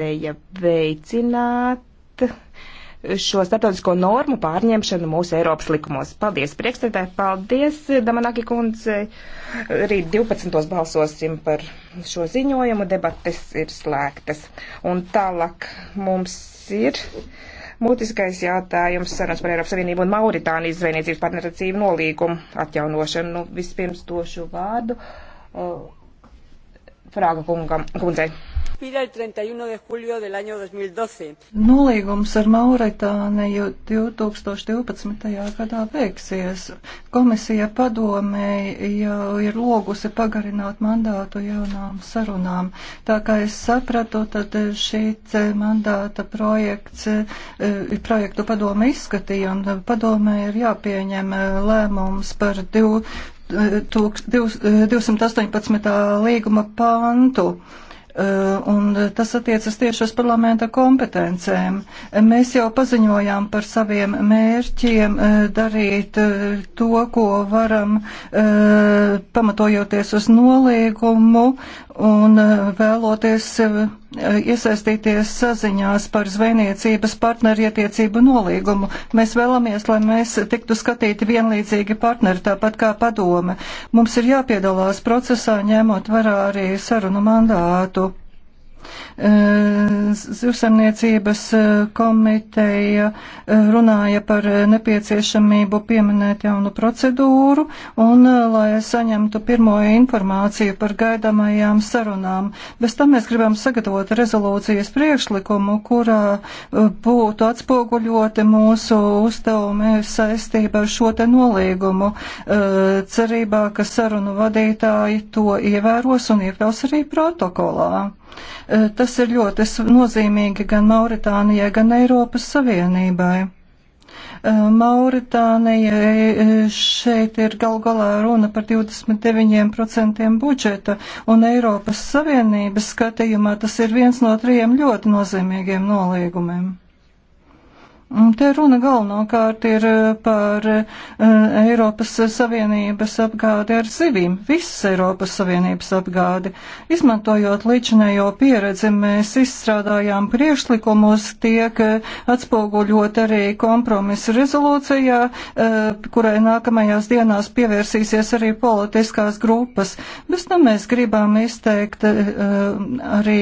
varēja veicināt šo starptautisko normu pārņemšanu mūsu Eiropas likumos. Paldies, priekšstādāji, paldies, Damanaki kundze. Rīt 12. balsosim par šo ziņojumu, debates ir slēgtas. Un tālāk mums ir mutiskais jautājums sarunas par Eiropas Savienību un Mauritānijas zvejniecības partneratcību nolīgumu atjaunošanu. Nu, vispirms došu vārdu. Uh, Prāga kungam, kundzei. Nolīgums ar Mauritāniju 2012. gadā beigsies. Komisija padomēji jau ir logusi pagarināt mandātu jaunām sarunām. Tā kā es sapratu, tad šīs mandāta projekts, eh, projektu padome izskatīja un padome ir jāpieņem eh, lēmums par divu 218. Eh, līguma pantu. Eh, un tas attiecas tieši uz parlamenta kompetencēm. Mēs jau paziņojām par saviem mērķiem eh, darīt to, ko varam, pamatojoties uz nolīgumu un vēloties iesaistīties saziņās par zvejniecības partnerietiecību nolīgumu. Mēs vēlamies, lai mēs tiktu skatīti vienlīdzīgi partneri, tāpat kā padome. Mums ir jāpiedalās procesā, ņemot vērā arī sarunu mandātu. Eh, Zivsamniecības eh, komiteja eh, runāja par nepieciešamību pieminēt jaunu procedūru un lai saņemtu pirmo informāciju par gaidamajām sarunām. Bez tam mēs gribam sagatavot rezolūcijas priekšlikumu, kurā būtu atspoguļoti mūsu uzdevumi saistība ar šo te nolīgumu, cerībā, ka sarunu vadītāji to ievēros un iekļaus arī protokolā. E, tas ir ļoti nozīmīgi gan Mauritānijai, gan Eiropas Savienībai. E, Mauritānijai e, šeit ir gal galā runa par 29% budžeta, un Eiropas Savienības skatījumā tas ir viens no trijiem ļoti nozīmīgiem nolīgumiem. Te runa galvenokārt ir eh, par eh, Eiropas Savienības apgādi ar zivīm, visas Eiropas Savienības apgādi. Izmantojot līdzinējo pieredzi, mēs izstrādājām priekšlikumus, tiek eh, atspoguļot arī kompromisu rezolūcijā, kurai nākamajās dienās pievērsīsies arī politiskās grupas. Bez tam mēs gribam izteikt arī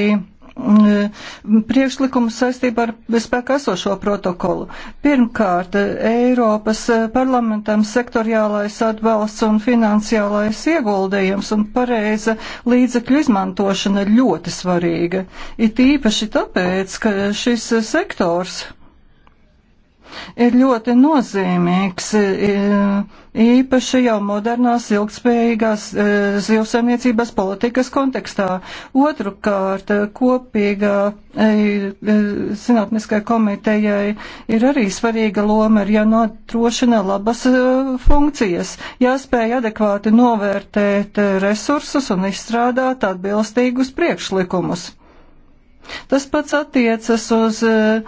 Mm, e, priekšlikumu saistībā ar spēkā esošo protokolu. Pirmkārt, Eiropas parlamentam sektoriālais atbalsts un finansiālais ieguldījums un pareiza līdzekļu izmantošana ļoti svarīga. It īpaši tāpēc, ka šis sektors ir ļoti nozīmīgs, īpaši jau modernās ilgspējīgās e, zivsaimniecības politikas kontekstā. Otrukārt, kopīgā e, e, zinātniskai komitejai ir arī svarīga loma, ir jānodrošina labas funkcijas, jāspēj adekvāti novērtēt resursus un izstrādāt atbilstīgus priekšlikumus. Tas pats attiecas uz eh,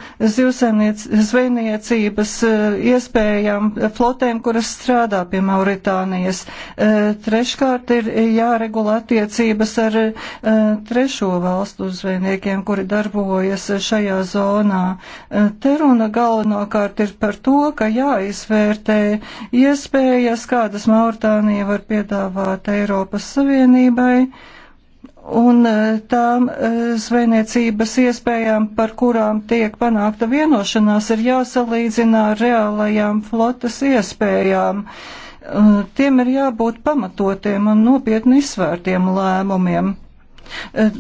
zvejniecības eh, iespējām flotēm, kuras strādā pie Mauritānijas. Eh, treškārt ir jāregulē attiecības ar trešo valstu zvejniekiem, kuri darbojas šajā zonā. Te runa galvenokārt ir par to, ka jāizvērtē iespējas, kādas Mauritānija var piedāvāt Eiropas Savienībai un e, tām e, zvejniecības iespējām, par kurām tiek panākta vienošanās, ir jāsalīdzina ar reālajām flotas iespējām. E, tiem ir jābūt pamatotiem un nopietni izsvērtiem lēmumiem.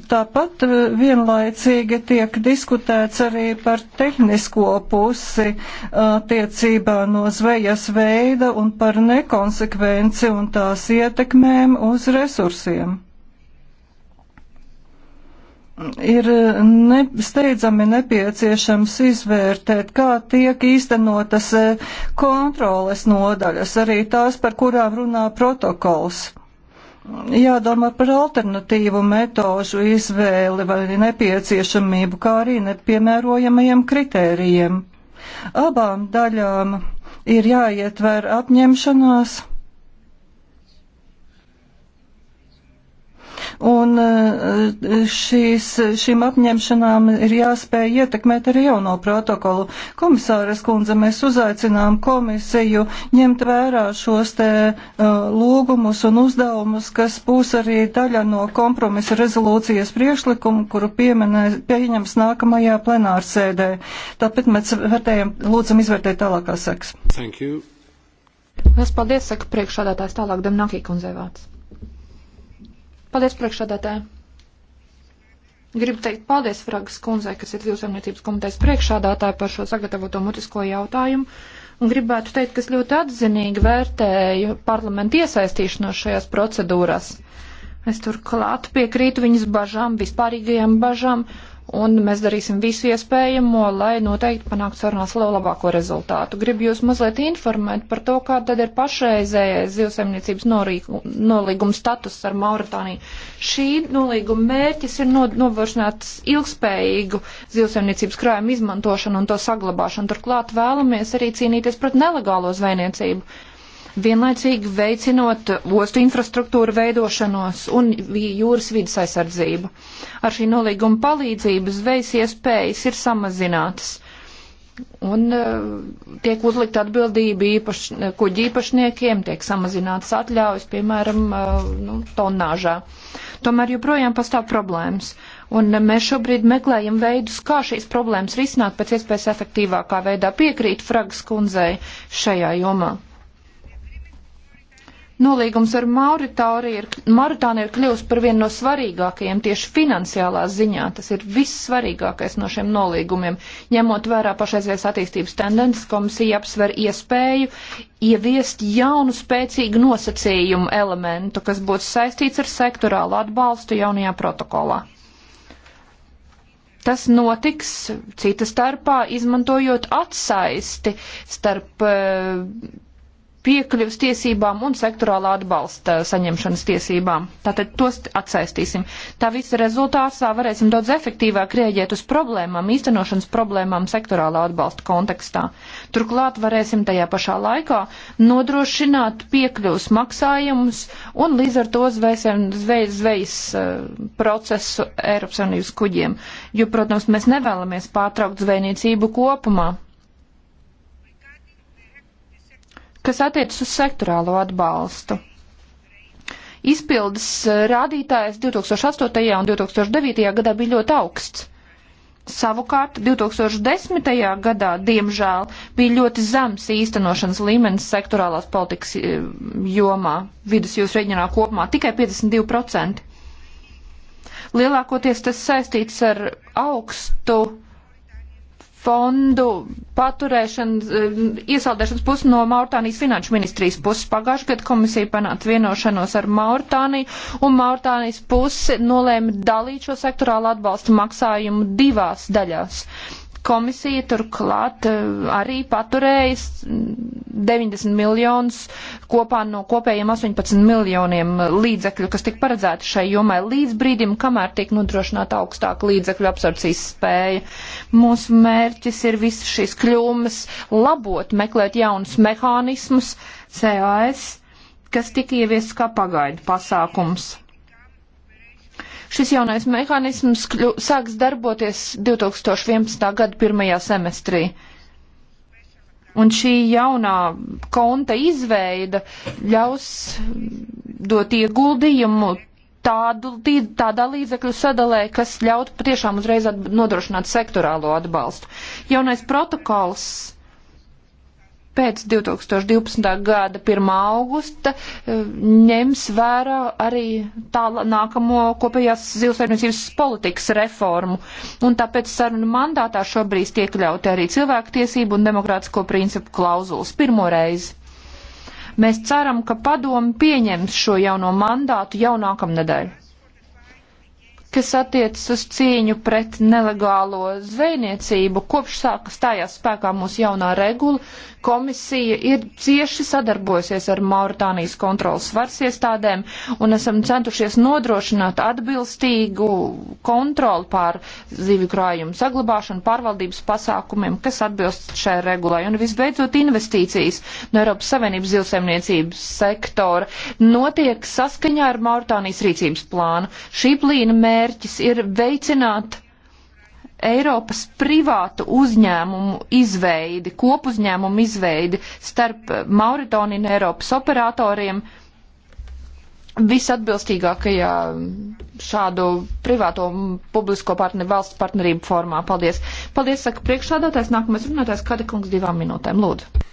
Tāpat vienlaicīgi tiek diskutēts arī par tehnisko pusi attiecībā no zvejas veida un par nekonsekvenci un tās ietekmēm uz resursiem ir ne, steidzami nepieciešams izvērtēt, kā tiek īstenotas e, kontroles nodaļas, arī tās, par kurām runā protokols. Jādomā par alternatīvu metožu izvēli vai nepieciešamību, kā arī nepiemērojamajiem kritērijiem. Abām daļām ir jāietver apņemšanās Un eh, šīs, šīm apņemšanām ir jāspēj ietekmēt arī jauno protokolu. Komisāres kundze, mēs uzaicinām komisiju ņemt vērā šos te eh, lūgumus un uzdevumus, kas būs arī daļa no kompromisa rezolūcijas priekšlikumu, kuru pieminē, pieņems nākamajā plenārsēdē. Tāpēc mēs vērtējam, lūdzam izvērtēt tālākās seks. Thank you. Lielas paldies, saka priekšādātājs tālāk Demnakī kundzei vārds. Paldies, priekšādātāji! Gribu teikt paldies Fragas kundzei, kas ir Zivsaimniecības komitejas priekšādātāja par šo sagatavoto mutisko jautājumu. Un gribētu teikt, ka es ļoti atzinīgi vērtēju parlamentu iesaistīšanos šajās procedūrās. Es turklāt piekrītu viņas bažām, vispārīgajām bažām un mēs darīsim visu iespējamo, lai noteikti panāktu sarunās labāko rezultātu. Gribu jūs mazliet informēt par to, kā tad ir pašreizējais zivsaimniecības nolīguma status ar Mauritāniju. Šī nolīguma mērķis ir no, novēršanāt ilgspējīgu zivsaimniecības krājumu izmantošanu un to saglabāšanu. Turklāt vēlamies arī cīnīties pret nelegālo zvejniecību vienlaicīgi veicinot ostu infrastruktūru veidošanos un jūras vidas aizsardzību. Ar šī nolīguma palīdzību zvejas iespējas ir samazinātas. Un eh, tiek uzlikta atbildība īpaš, kuģi īpašniekiem, tiek samazinātas atļaujas, piemēram, eh, nu, tonnāžā. Tomēr joprojām pastāv problēmas. Un mēs šobrīd meklējam veidus, kā šīs problēmas risināt pēc iespējas efektīvākā veidā. Piekrīt Fragas kundzei šajā jomā. Nolīgums ar Mauritāniju ir, Mauritāniju ir kļuvusi par vienu no svarīgākajiem tieši finansiālā ziņā. Tas ir vissvarīgākais no šiem nolīgumiem. Ņemot vērā pašreizējās attīstības tendences, komisija apsver iespēju ieviest jaunu spēcīgu nosacījumu elementu, kas būtu saistīts ar sektorālu atbalstu jaunajā protokolā. Tas notiks cita starpā, izmantojot atsaisti starp uh, piekļuvas tiesībām un sektorālā atbalsta eh, saņemšanas tiesībām. Tātad tos atsaistīsim. Tā visa rezultātā varēsim daudz efektīvāk rēģēt uz problēmām, īstenošanas problēmām sektorālā atbalsta kontekstā. Turklāt varēsim tajā pašā laikā nodrošināt piekļuvas maksājumus un līdz ar to zvejas, zvejas, eh, zvejas procesu Eiropas Savienības kuģiem. Jo, protams, mēs nevēlamies pārtraukt zvejniecību kopumā kas attiecas uz sektorālo atbalstu. Izpildes eh, rādītājs 2008. un 2009. gadā bija ļoti augsts. Savukārt 2010. gadā, diemžēl, bija ļoti zems īstenošanas līmenis sektorālās politikas eh, jomā, vidus jūras reģionā kopumā tikai 52%. Lielākoties tas saistīts ar augstu fondu paturēšanas, eh, iesaldēšanas pusi no Mauritānijas finanšu ministrijas puses. Pagājušajā gadā komisija panāca vienošanos ar Mauritāniju, un Mauritānijas puse nolēma dalīt šo sektorālu atbalstu maksājumu divās daļās. Komisija turklāt eh, arī paturējas 90 miljonus kopā no kopējiem 18 miljoniem līdzekļu, kas tika paredzēti šai jomai līdz brīdim, kamēr tiek nodrošināta augstāka līdzekļu absorpcijas spēja. Mūsu mērķis ir visas šīs kļūmes labot, meklēt jaunus mehānismus, CAS, kas tika ieviests kā pagaidu pasākums Šis jaunais mehānisms kļu, sāks darboties 2011. gada pirmajā semestrī. Un šī jaunā konta izveida ļaus dot ieguldījumu tādu, tādā līdzekļu sadalē, kas ļautu patiešām uzreiz nodrošināt sektorālo atbalstu. Jaunais protokols pēc 2012. gada 1. augusta eh, ņems vērā arī tā nākamo kopējās zivsvērniecības politikas reformu. Un tāpēc sarunu mandātā šobrīd tiek ļauti arī cilvēktiesību un demokrātisko principu klauzulas pirmoreiz. Mēs ceram, ka padomi pieņems šo jauno mandātu jau nākamnedēļ kas attiecas uz cīņu pret nelegālo zvejniecību. Kopš sāka stājās spēkā mūsu jaunā regula, komisija ir cieši sadarbojusies ar Mauritānijas kontrolas svars iestādēm un esam centušies nodrošināt atbilstīgu kontroli pār zivju krājumu saglabāšanu, pārvaldības pasākumiem, kas atbilst šai regulai. Un visbeidzot investīcijas no Eiropas Savienības zivsaimniecības sektora notiek saskaņā ar Mauritānijas rīcības plānu. Šī plīna mērķi mērķis ir veicināt Eiropas privātu uzņēmumu izveidi, kopuzņēmumu izveidi starp Mauritoniju un Eiropas operatoriem visatbilstīgākajā šādu privāto publisko partneru valsts partnerību formā. Paldies. Paldies, saka priekšsādātājs. Nākamais runātājs Kadikungs divām minūtēm. Lūdzu.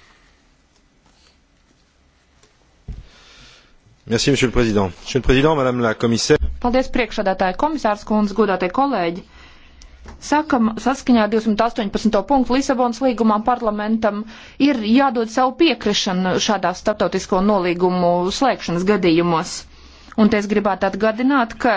Merci, monsieur le président. Monsieur le président, madame la commissaire. Paldies priekšādātāji komisārs kundze, godātie kolēģi. Sakam, saskaņā 218. punktu Lisabonas līgumā parlamentam ir jādod savu piekrišanu šādās starptautisko nolīgumu slēgšanas gadījumos. Un te es gribētu atgādināt, ka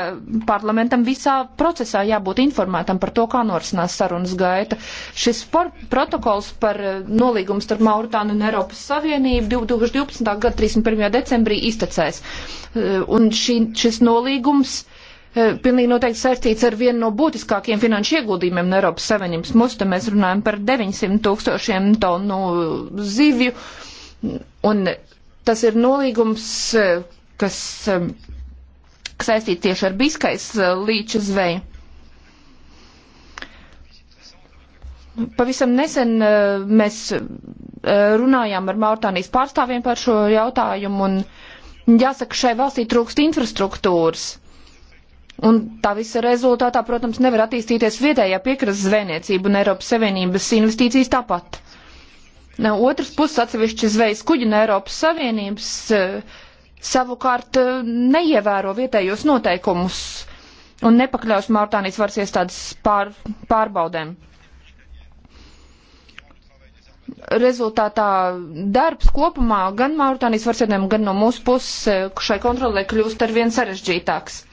parlamentam visā procesā jābūt informētam par to, kā norisinās sarunas gaita. Šis par, protokols par eh, nolīgumu starp Mauritānu un Eiropas Savienību 2012. gada 31. decembrī iztecēs. Eh, un šī, šis nolīgums eh, pilnīgi noteikti saistīts ar vienu no būtiskākajiem finanšu ieguldījumiem no Eiropas Savienības musta. Mēs runājam par 900 tūkstošiem tonu zivju. Un tas ir nolīgums, kas um, saistīti tieši ar biskais uh, līča zveju. Pavisam nesen uh, mēs uh, runājām ar Mauritānijas pārstāvjiem par šo jautājumu, un jāsaka, šai valstī trūkst infrastruktūras. Un tā visa rezultātā, protams, nevar attīstīties vietējā piekrasts zvejniecība un Eiropas Savienības investīcijas tāpat. No otras puses atsevišķi zvejas kuģi no Eiropas Savienības uh, savukārt eh, neievēro vietējos noteikumus un nepakļaus Mauritānijas varas iestādes pār, pārbaudēm. Rezultātā darbs kopumā gan Mauritānijas varas iestādēm, gan no mūsu puses šai kontrolē kļūst ar vien sarežģītāks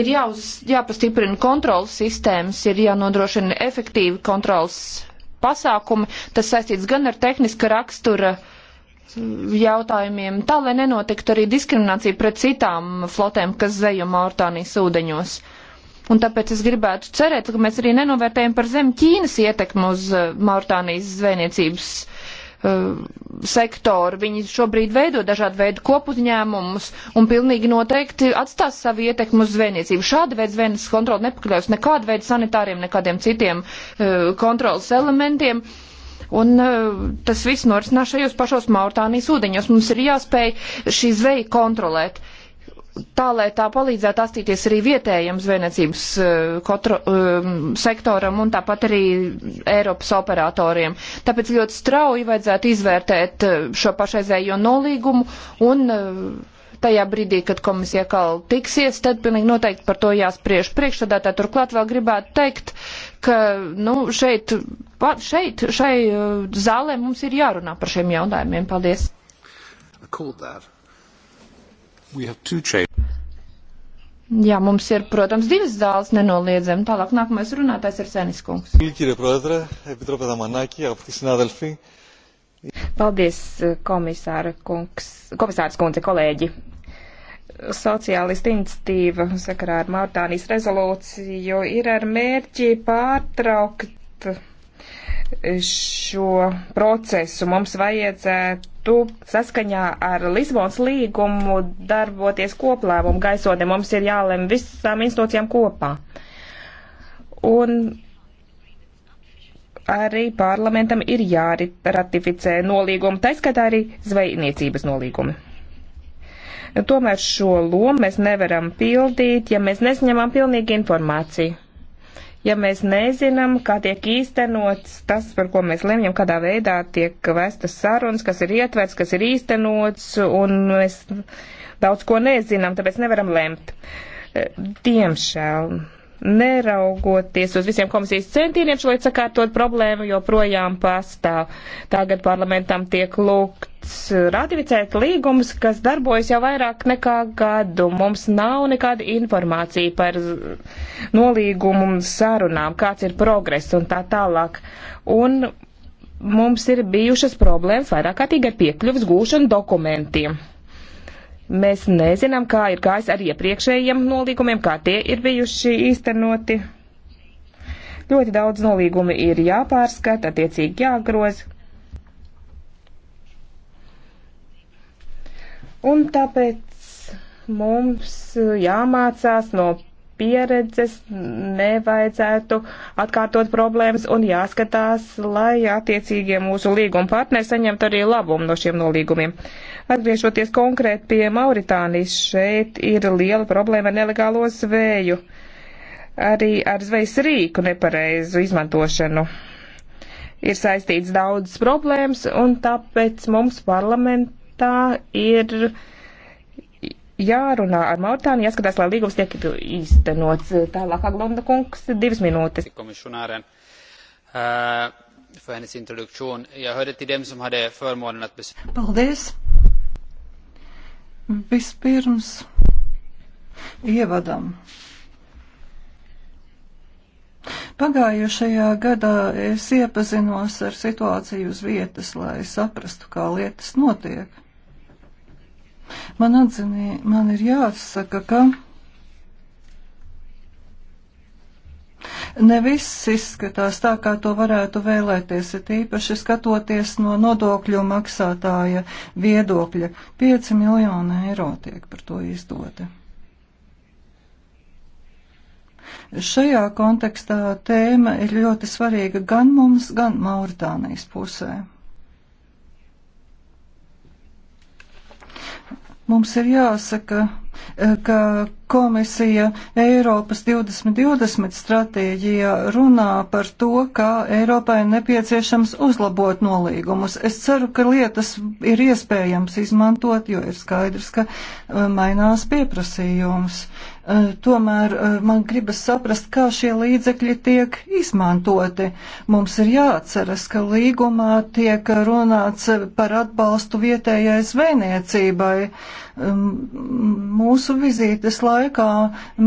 ir jāuz, jāpastiprina kontrolas sistēmas, ir jānodrošina efektīvi kontrolas pasākumi. Tas saistīts gan ar tehniska rakstura uh, jautājumiem, tā lai nenotiktu arī diskriminācija pret citām flotēm, kas zejo Mauritānijas ūdeņos. Un tāpēc es gribētu cerēt, ka mēs arī nenovērtējam par zem Ķīnas ietekmu uz eh, Mauritānijas zvejniecības uh, sektoru. Viņi šobrīd veido dažādu veidu kopuzņēmumus un pilnīgi noteikti atstās savu ietekmu uz zvejniecību. Šāda veida zvejnes kontroli nepakļaus nekādu veidu sanitāriem, nekādiem citiem uh, kontrolas elementiem. Uh, Un e, tas viss norisinās šajos pašos Mauritānijas ūdeņos. Mums ir jāspēj šī zveja kontrolēt. Tā, lai tā palīdzētu attīstīties arī vietējiem zvejniecības e, kotro, um, sektoram un tāpat arī Eiropas operatoriem. Tāpēc ļoti strauji vajadzētu izvērtēt šo pašreizējo nolīgumu un uh, tajā brīdī, kad komisija atkal tiksies, tad pilnīgi noteikti par to jāspriež priekšsādātā. Turklāt vēl gribētu teikt, ka nu, šeit, šeit, šai uh, zālē mums ir jārunā par šiem jautājumiem. Paldies! Jā, mums ir, protams, divas zāles nenoliedzami. Tālāk nākamais runātājs ir Seniskungs. Kīri, kīri, protams, Paldies, komisāra kungs, komisārs kundze, kolēģi. Sociālisti institīva sakarā ar Mauritānijas rezolūciju ir ar mērķi pārtraukt šo procesu. Mums vajadzētu saskaņā ar Lisbonas līgumu darboties koplēmumu gaisotnē. Mums ir jālem visām institūcijām kopā. Un arī parlamentam ir jāratificē nolīgumi, taiskatā arī zvejniecības nolīgumi. Tomēr šo lomu mēs nevaram pildīt, ja mēs nesņemam pilnīgi informāciju. Ja mēs nezinām, kā tiek īstenots tas, par ko mēs lemjam, kādā veidā tiek vestas sarunas, kas ir ietverts, kas ir īstenots, un mēs daudz ko nezinām, tāpēc nevaram lemt. Diemžēl neraugoties uz visiem komisijas centieniem šo sakārtot problēmu, joprojām pastāv. Tagad parlamentam tiek lūgts ratificēt līgumus, kas darbojas jau vairāk nekā gadu. Mums nav nekāda informācija par nolīgumu sarunām, kāds ir progress un tā tālāk. Un mums ir bijušas problēmas vairāk kārtīgi ar piekļuvas gūšanu dokumentiem. Mēs nezinām, kā ir gājis ar iepriekšējiem nolīgumiem, kā tie ir bijuši īstenoti. Ļoti daudz nolīgumi ir jāpārskata, attiecīgi jāgroz. Un tāpēc mums jāmācās no pieredzes nevajadzētu atkārtot problēmas un jāskatās, lai attiecīgie mūsu līguma partneri saņemtu arī labumu no šiem nolīgumiem. No Atgriežoties konkrēt pie Mauritānijas, šeit ir liela problēma ar nelegālo zvēju, arī ar zvejas rīku nepareizu izmantošanu. Ir saistīts daudz problēmas, un tāpēc mums parlamentā ir jārunā ar Mauritāniju, jāskatās, lai līgums tiek īstenots. Tālāk, Aglunda kungs, divas minūtes. Komisionāren, uh, eh, för hennes introduktion. Jag hörde till dem som hade förmånen att besöka... Paldies! Vispirms ievadam. Pagājušajā gadā es iepazinos ar situāciju uz vietas, lai saprastu, kā lietas notiek. Man atzinī, man ir jāsaka, ka Ne viss izskatās tā, kā to varētu vēlēties, ir īpaši skatoties no nodokļu maksātāja viedokļa. 5 miljoni eiro tiek par to izdoti. Šajā kontekstā tēma ir ļoti svarīga gan mums, gan Mauritānijas pusē. Mums ir jāsaka, eh, ka komisija Eiropas 2020 stratēģijā runā par to, kā Eiropai nepieciešams uzlabot nolīgumus. Es ceru, ka lietas ir iespējams izmantot, jo ir skaidrs, ka eh, mainās pieprasījums. Eh, tomēr eh, man gribas saprast, kā šie līdzekļi tiek izmantoti. Mums ir jāatceras, ka līgumā tiek runāts par atbalstu vietējai zvejniecībai. Mūsu vizītes laikā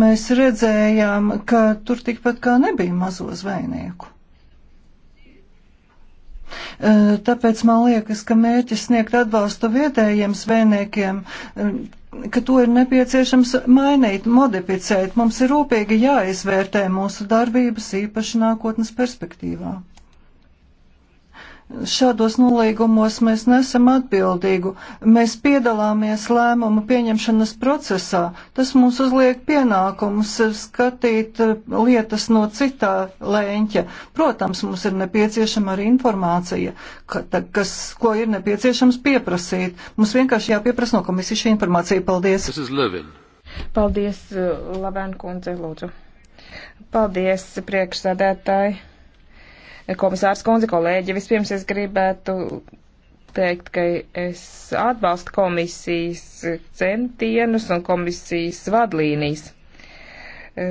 mēs redzējām, ka tur tikpat kā nebija mazo zvejnieku. Tāpēc man liekas, ka mērķis sniegt atbalstu vietējiem zvejniekiem ka to ir nepieciešams mainīt, modificēt. Mums ir rūpīgi jāizvērtē mūsu darbības īpaši nākotnes perspektīvā. Šādos nolīgumos mēs nesam atbildīgu. Mēs piedalāmies lēmumu pieņemšanas procesā. Tas mums uzliek pienākums skatīt eh, lietas no citā lēņķa. Protams, mums ir nepieciešama arī informācija, kas, ko ir nepieciešams pieprasīt. Mums vienkārši jāpieprasa no komisijas šī informācija. Paldies! Paldies, eh, Labēn kundze, lūdzu. Paldies, priekšsādētāji komisārs kundze, kolēģi. Vispirms es gribētu teikt, ka es atbalstu komisijas centienus un komisijas vadlīnijas.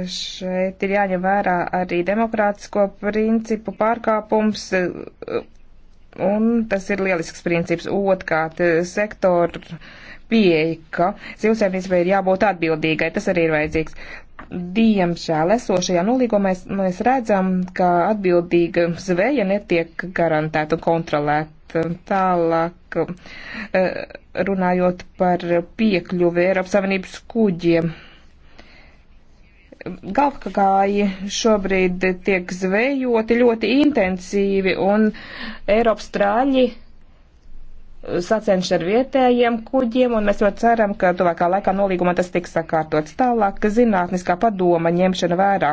Šeit ir jāņem vērā arī demokrātisko principu pārkāpums, un tas ir lielisks princips. Otkārt, sektoru pieeja, ka zivsēmniecībai ir jābūt atbildīgai, tas arī ir vajadzīgs. Diemžēl esošajā nolīgumā mēs, mēs redzam, ka atbildīga zveja netiek garantēta un kontrolēta tālāk eh, runājot par piekļuvi Eiropas Savienības kuģiem. Galvkakāji šobrīd tiek zvejoti ļoti intensīvi un Eiropas strāļi sacenš ar vietējiem kuģiem, un mēs ļoti ceram, ka tuvākā laikā nolīgumā tas tiks sakārtots tālāk, ka zinātniskā padoma ņemšana vērā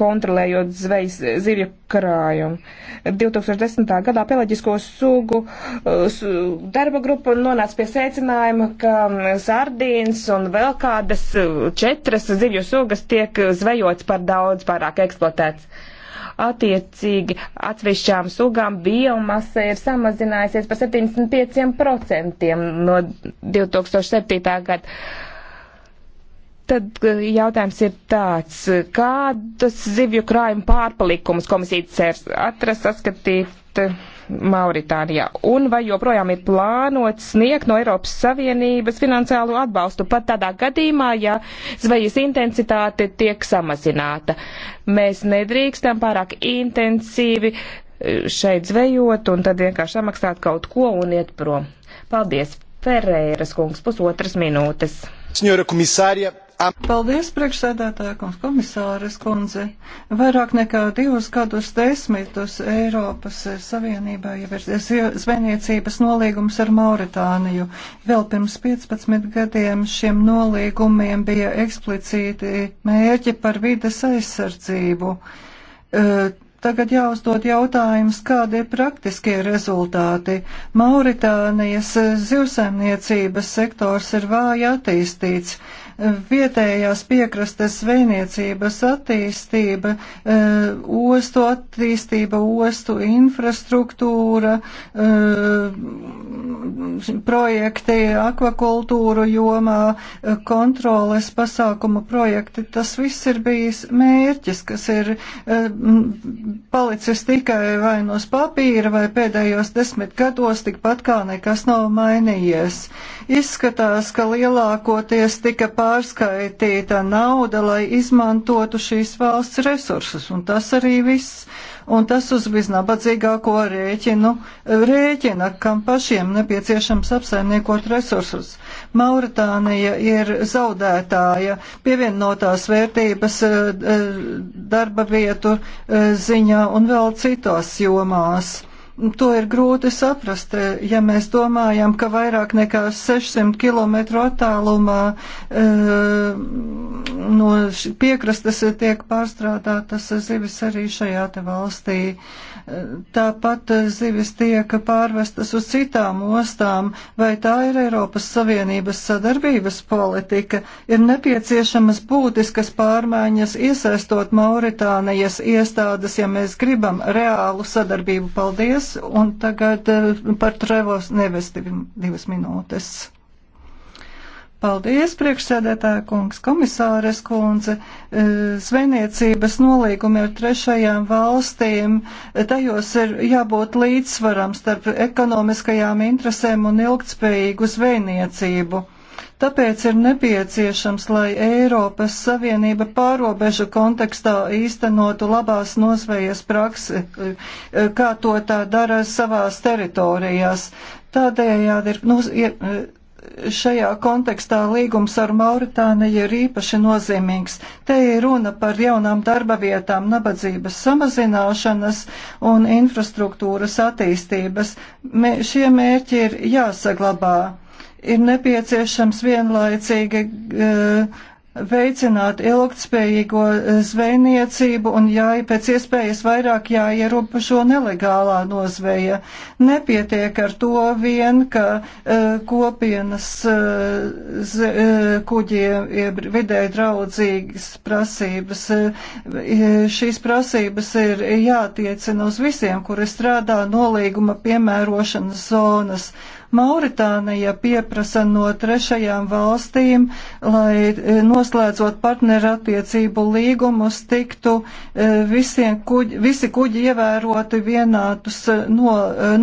kontrolējot zvejas zivju krājumu. 2010. gadā pelaģisko sugu uh, su, darba grupa nonāca pie secinājuma, ka um, sardīns un vēl kādas uh, četras zivju sugas tiek uh, zvejots par daudz, pārāk eksploatēts attiecīgi atsevišķām sugām biomasa ir samazinājusies par 75% no 2007. gada. Tad e, jautājums ir tāds, kādus zivju krājumu pārpalikumus komisija cērs atrast saskatīt e, Mauritānijā? Un vai joprojām ir plānots sniegt no Eiropas Savienības finansiālu atbalstu pat tādā gadījumā, ja zvejas intensitāte tiek samazināta? Mēs nedrīkstam pārāk intensīvi e, šeit zvejot un tad vienkārši samaksāt kaut ko un iet prom. Paldies, Ferreiras kungs, pusotras minūtes. Senhora Comissária, Paldies, priekšsēdētāja kungs, komisāres kundze. Vairāk nekā divus gadus desmitus Eiropas Savienībā jau ir zvejniecības nolīgums ar Mauritāniju. Vēl pirms 15 gadiem šiem nolīgumiem bija eksplicīti mērķi par vides aizsardzību. Uh, Tagad jāuzdod jautājums, kādi ir praktiskie rezultāti. Mauritānijas zivsaimniecības sektors ir vāji attīstīts. Vietējās piekrastes zvejniecības attīstība, eh, ostu attīstība, ostu infrastruktūra, eh, projekti akvakultūru jomā, eh, kontroles pasākumu projekti, tas viss ir bijis mērķis, kas ir palicis tikai vai no papīra, vai pēdējos desmit gados tikpat kā nekas nav mainījies. Izskatās, ka lielākoties tika pārskaitīta nauda, lai izmantotu šīs valsts resursus, un tas arī viss, un tas uz visnabadzīgāko rēķinu rēķina, kam pašiem nepieciešams apsaimniekot resursus. Mauritānija ir zaudētāja pievienotās vērtības eh, eh, darba vietu eh, ziņā un vēl citos jomās. To ir grūti saprast, e, ja mēs domājam, ka vairāk nekā 600 km attālumā e, no piekrastes tiek pārstrādātas zivis arī šajā te valstī. E, tāpat zivis tiek pārvestas uz citām ostām, vai tā ir Eiropas Savienības sadarbības politika, ir nepieciešamas būtiskas pārmaiņas iesaistot Mauritānijas iestādes, ja mēs gribam reālu sadarbību. Paldies! Paldies, un tagad eh, par Trevos nevis divas minūtes. Paldies, priekšsēdētāja kungs, komisāres kundze. Eh, zvejniecības nolīgumi ar trešajām valstīm, eh, tajos ir jābūt līdzsvaram starp ekonomiskajām interesēm un ilgtspējīgu zvejniecību. Tāpēc ir nepieciešams, lai Eiropas Savienība pārobežu kontekstā īstenotu labās nozvejas praksi, eh, kā to tā dara savās teritorijās. Tādējādi ir. Nu, ir eh, šajā kontekstā līgums ar Mauritāniju ir īpaši nozīmīgs. Te ir runa par jaunām darba vietām, nabadzības samazināšanas un infrastruktūras attīstības. Mē, šie mērķi ir jāsaglabā. Ir nepieciešams vienlaicīgi eh, veicināt ilgtspējīgo eh, zvejniecību un jāi pēc iespējas vairāk jāierobežo nelegālā nozveja. Nepietiek ar to vien, ka uh, kopienas uh, z, uh, kuģiem ir vidē draudzīgas prasības. Uh, šīs prasības ir jātiecina uz visiem, kuri strādā nolīguma piemērošanas zonas. Uh, Mauritānija pieprasa no trešajām valstīm, lai eh, noslēdzot partnerattiecību līgumus tiktu eh, visiem kuģi, visi kuģi ievēroti vienātus eh, no,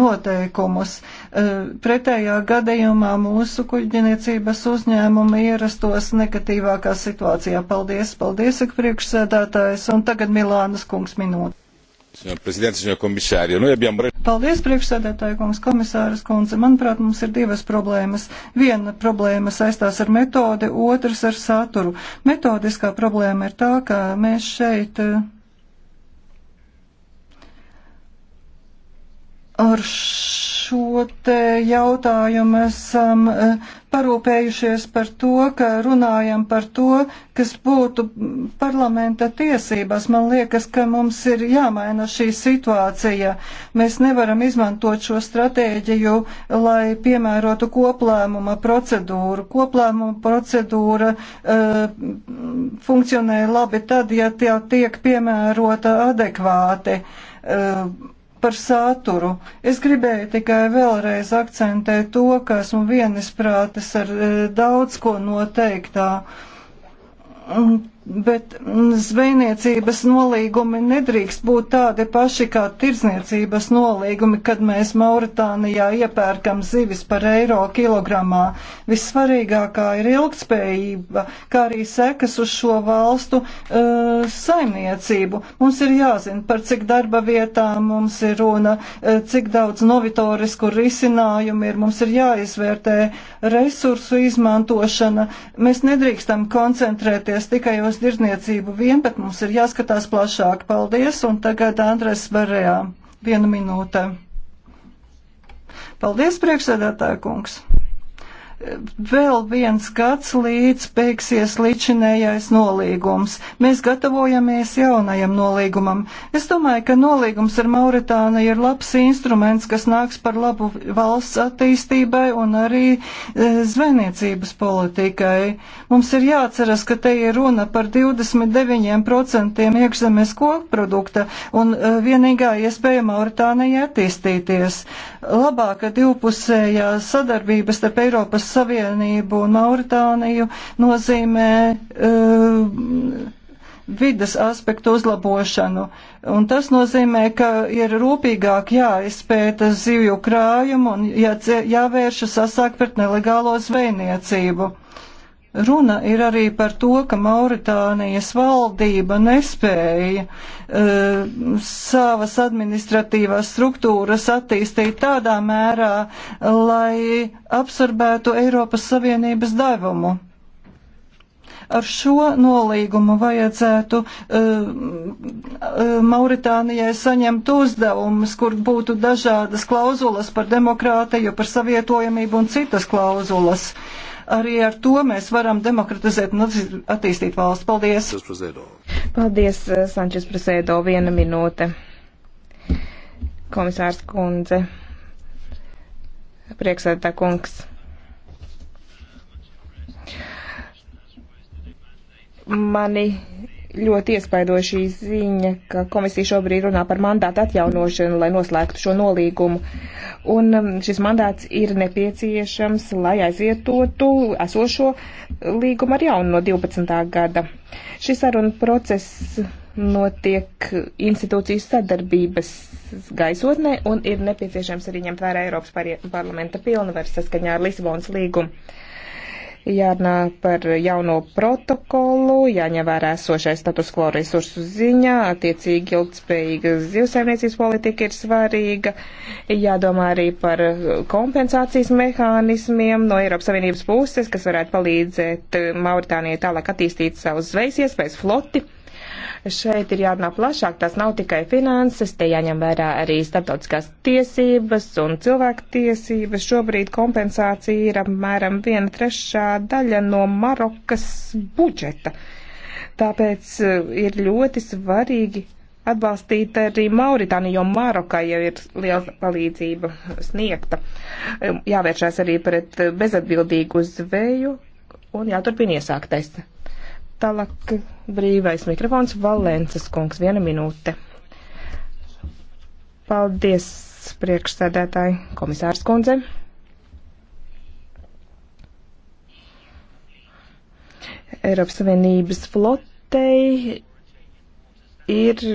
noteikumus. Pretējā gadījumā mūsu kuģiniecības uzņēmumi ierastos negatīvākā situācijā. Paldies, paldies, ak priekšsēdētājs, un tagad Milānas kungs minūte. Paldies, priekšsēdētāja kungs, komisāras kundze. Manuprāt, mums ir divas problēmas. Viena problēma saistās ar metodi, otrs ar saturu. Metodiskā problēma ir tā, ka mēs šeit. Eh, ar š šo te jautājumu esam e, parūpējušies par to, ka runājam par to, kas būtu parlamenta tiesības. Man liekas, ka mums ir jāmaina šī situācija. Mēs nevaram izmantot šo stratēģiju, lai piemērotu koplēmuma procedūru. Koplēmuma procedūra uh, funkcionē labi tad, ja tā tiek piemērota adekvāti. Uh, Par saturu. Es gribēju tikai vēlreiz akcentēt to, ka esmu vienisprātis ar eh, daudz ko noteiktā. Un Bet mm, zvejniecības nolīgumi nedrīkst būt tādi paši kā tirdzniecības nolīgumi, kad mēs Mauritānijā iepērkam zivis par eiro kilogramā. Vissvarīgākā ir ilgtspējība, kā arī sekas uz šo valstu uh, saimniecību. Mums ir jāzina, par cik darba vietām mums ir runa, uh, cik daudz novitorisku risinājumu ir, mums ir jāizvērtē resursu izmantošana. Mēs nedrīkstam koncentrēties tikai uz uz tirzniecību vien, bet mums ir jāskatās plašāk. Paldies, un tagad Andres Barējā. Viena minūte. Paldies, priekšsēdētāja kungs! vēl viens gads līdz beigsies līdzinējais nolīgums. Mēs gatavojamies jaunajam nolīgumam. Es domāju, ka nolīgums ar Mauritāniju ir labs instruments, kas nāks par labu valsts attīstībai un arī e, zvejniecības politikai. Mums ir jāatceras, ka te ir runa par 29% iekšzemes kokprodukta un e, vienīgā iespēja Mauritānijai attīstīties. Labāka divpusējā sadarbības starp Eiropas Savienību un Mauritāniju nozīmē uh, vidas aspektu uzlabošanu. Un tas nozīmē, ka ir rūpīgāk jāizpēta zivju krājumu un jā, jāvēršas asāk pret nelegālo zvejniecību. Uh, Runa ir arī par to, ka Mauritānijas valdība nespēja uh, savas administratīvās struktūras attīstīt tādā mērā, lai absorbētu Eiropas Savienības devumu. Ar šo nolīgumu vajadzētu uh, uh, Mauritānijai saņemt uzdevumus, kur būtu dažādas klauzulas par demokrātiju, par savietojamību un citas klauzulas. Uh, Arī ar to mēs varam demokratizēt un attīstīt valsts. Paldies! Paldies, eh, Sančes Prasēdo, viena minūte. Komisārs Kundze, prieksētā kungs. Mani ļoti iespaidoši ziņa, ka komisija šobrīd runā par mandātu atjaunošanu, lai noslēgtu šo nolīgumu. Un um, šis mandāts ir nepieciešams, lai aizvietotu esošo līgumu ar jaunu no 12. gada. Šis saruna process notiek institūcijas sadarbības gaisotnē un ir nepieciešams arī ņemt vērā Eiropas parlamenta pilnvars saskaņā ar Lisabonas līgumu jārunā par jauno protokolu, jāņem vērā esošais status quo resursu ziņā, attiecīgi ilgtspējīga zivsaimniecības politika ir svarīga, jādomā arī par kompensācijas mehānismiem no Eiropas Savienības puses, kas varētu palīdzēt Mauritānijai tālāk attīstīt savus zvejas iespējas floti. Šeit ir jārunā plašāk, tās nav tikai finanses, te jāņem vērā arī starptautiskās tiesības un cilvēktiesības. Šobrīd kompensācija ir apmēram viena trešā daļa no Marokas budžeta. Tāpēc eh, ir ļoti svarīgi atbalstīt arī Mauritāniju, jo Marokai jau ir liela palīdzība sniegta. Jāvēršās arī pret bezatbildīgu zveju un jāturpina iesāktais. Tālāk brīvais mikrofons Valences kungs, viena minūte. Paldies, priekšsēdētāji, komisārs kundze. Eiropas Savienības flotei ir,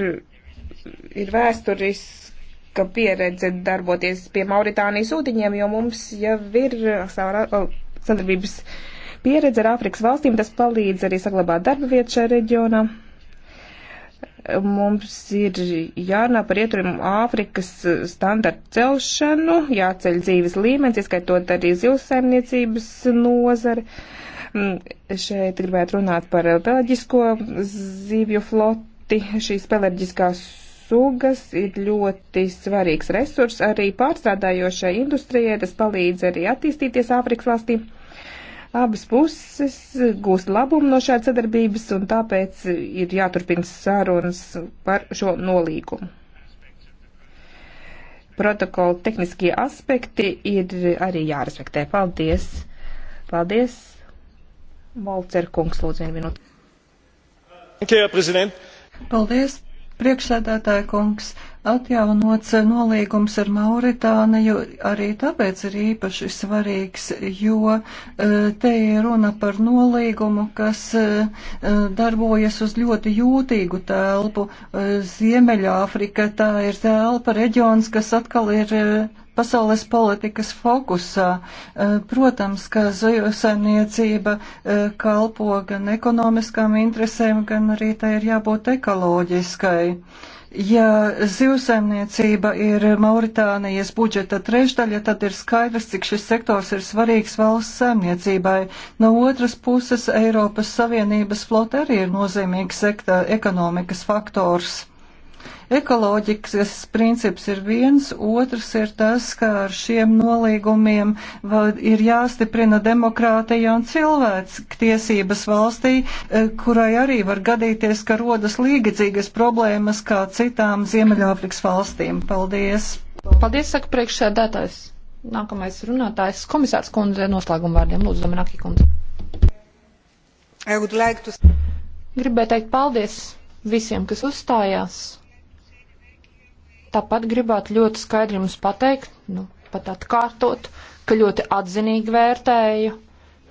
ir vēsturiska pieredze darboties pie Mauritānijas ūdiņiem, jo mums jau ir sadarbības. Uh, pieredze ar Āfrikas valstīm, tas palīdz arī saglabāt darba vietu šajā reģionā. Mums ir jārunā par ieturiem Āfrikas standartu celšanu, jāceļ dzīves līmenis, ieskaitot arī zivsaimniecības nozari. Mm, šeit gribētu runāt par pelģisko zivju floti. Šīs pelģiskās sugas ir ļoti svarīgs resurs arī pārstrādājošai industrijai, tas palīdz arī attīstīties Āfrikas valstīm. Abas puses gūst labumu no šādas sadarbības, un tāpēc ir jāturpina sarunas par šo nolīgumu. Protokola tehniskie aspekti ir arī jārespektē. Paldies! Paldies! Valcer kungs, lūdzu, vienu minūti. Paldies, priekšsēdētāja kungs! Atjaunots nolīgums ar Mauritāniju arī tāpēc ir īpaši svarīgs, jo eh, te ir runa par nolīgumu, kas eh, darbojas uz ļoti jūtīgu telpu. Eh, Ziemeļāfrika tā ir telpa reģions, kas atkal ir pasaules politikas fokusā. Protams, ka zivsaimniecība kalpo gan ekonomiskām interesēm, gan arī tai ir jābūt ekoloģiskai Ja zivsaimniecība ir Mauritānijas budžeta trešdaļa, tad ir skaidrs, cik šis sektors ir svarīgs valsts saimniecībai. No otras puses, Eiropas Savienības flote arī ir nozīmīgs sekta, ekonomikas faktors. Ekoloģikas princips ir viens, otrs ir tas, ka ar šiem nolīgumiem ir jāstiprina demokrātija un cilvēks tiesības valstī, e, kurai arī var gadīties, ka rodas līdzīgas problēmas kā citām Ziemeļāfrikas valstīm. Paldies! Paldies, saka priekšsēdētājs. Nākamais runātājs komisārs kundze noslēguma vārdiem. Lūdzu, Dominaki kundze. Like to... Gribēju teikt paldies visiem, kas uzstājās Tāpat gribētu ļoti skaidri jums pateikt, nu, pat atkārtot, ka ļoti atzinīgi vērtēju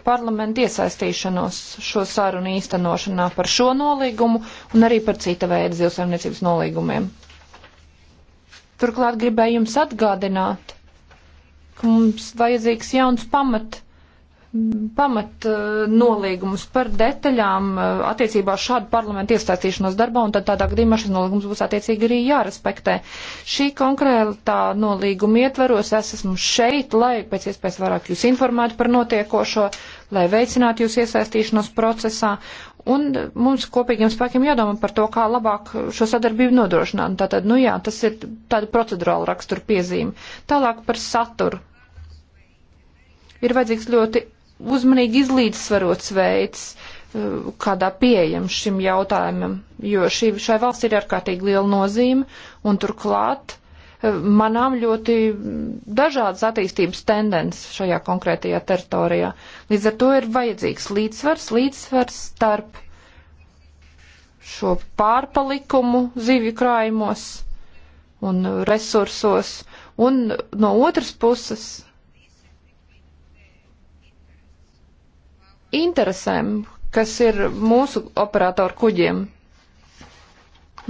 parlamentu iesaistīšanos šo sarunu īstenošanā par šo nolīgumu un arī par cita veida zilsaimniecības nolīgumiem. Turklāt gribēju jums atgādināt, ka mums vajadzīgs jauns pamat pamat eh, nolīgumus par detaļām eh, attiecībā uz šādu parlamentu iesaistīšanos darbā, un tad tādā gadījumā šis nolīgums būs attiecīgi arī jārespektē. Šī konkrētā nolīguma ietveros es esmu šeit, lai pēc iespējas vairāk jūs informētu par notiekošo, lai veicinātu jūs iesaistīšanos procesā, un mums kopīgiem spēkiem jādomā par to, kā labāk šo sadarbību nodrošināt. Tātad, nu jā, tas ir tāda procedurāla rakstura piezīme. Tālāk par saturu. Ir vajadzīgs ļoti uzmanīgi izlīdzsvarots veids, eh, kādā pieejams šim jautājumam, jo šī, šai valsts ir ārkārtīgi liela nozīme, un turklāt eh, manām ļoti dažādas attīstības tendences šajā konkrētajā teritorijā. Līdz ar to ir vajadzīgs līdzsvars, līdzsvars starp šo pārpalikumu zivju krājumos un resursos, un no otras puses interesēm, kas ir mūsu operatoru kuģiem.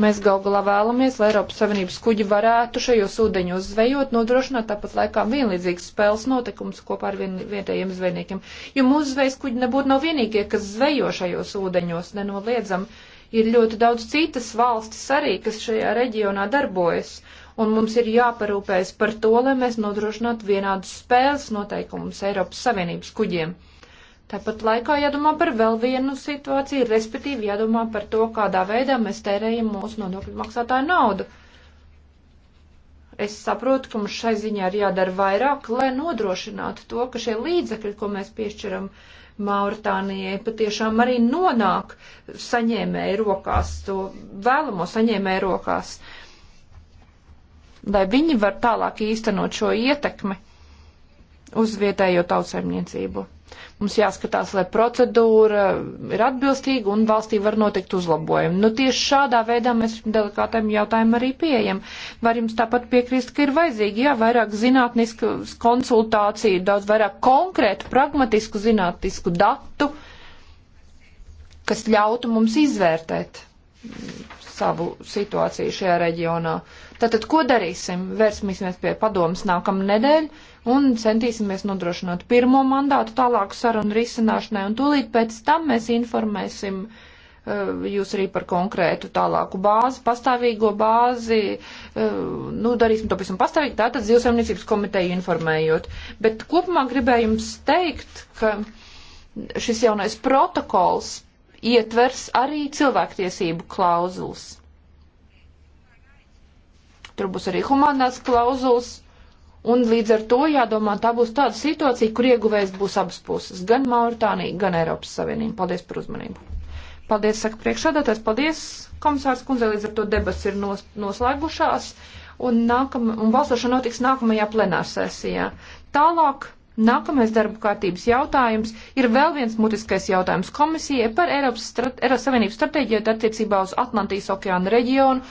Mēs gal galā vēlamies, lai Eiropas Savienības kuģi varētu šajos ūdeņos zvejot, nodrošināt tāpat laikā vienlīdzīgas spēles notikumus kopā ar vien, vietējiem zvejniekiem. Jo mūsu zvejas kuģi nebūtu nav vienīgie, kas zvejo šajos ūdeņos, nenoliedzam. Ir ļoti daudz citas valstis arī, kas šajā reģionā darbojas un mums ir jāparūpējas par to, lai mēs nodrošinātu vienādus spēles noteikumus Eiropas Savienības kuģiem. Tāpat laikā jādomā par vēl vienu situāciju, respektīvi jādomā par to, kādā veidā mēs tērējam mūsu nodokļu maksātāju naudu. Es saprotu, ka mums šai ziņā ir jādara vairāk, lai nodrošinātu to, ka šie līdzekļi, ko mēs piešķiram Mauritānijai, patiešām arī nonāk saņēmēju rokās, to vēlamo saņēmēju rokās, lai viņi var tālāk īstenot šo ietekmi uz vietējo tautsaimniecību. Mums jāskatās, lai procedūra ir atbilstīga un valstī var notikt uzlabojumi. Nu, tieši šādā veidā mēs šim delikātam jautājumam arī pieejam. Var jums tāpat piekrist, ka ir vajadzīgi, jā, vairāk zinātnisku konsultāciju, daudz vairāk konkrētu, pragmatisku zinātnisku datu, kas ļautu mums izvērtēt savu situāciju šajā reģionā. Tātad, ko darīsim? Vērsīsimies pie padomas nākamā nedēļa un centīsimies nodrošināt pirmo mandātu tālāku sarunu risināšanai, un tūlīt pēc tam mēs informēsim uh, jūs arī par konkrētu tālāku bāzi, pastāvīgo bāzi, uh, nu, darīsim to pavisam pastāvīgi, tātad zivsaimniecības komiteju informējot. Bet kopumā gribēju jums teikt, ka šis jaunais protokols ietvers arī cilvēktiesību klauzulas. Tur būs arī humanās klauzulas, un līdz ar to jādomā, tā būs tāda situācija, kur ieguvējs būs abas puses - gan Mauritānija, gan Eiropas Savienība. Paldies par uzmanību! Paldies, saka priekšādātājs, paldies, komisārs kundze, līdz ar to debats ir nos, noslēgušās, un, nākam, un balsošana notiks nākamajā plenārsēsijā. Tālāk Nākamais darba kārtības jautājums ir vēl viens mutiskais jautājums komisijai par Eiropas, Strat Eiropas Savienības stratēģiju attiecībā uz Atlantijas okeāna reģionu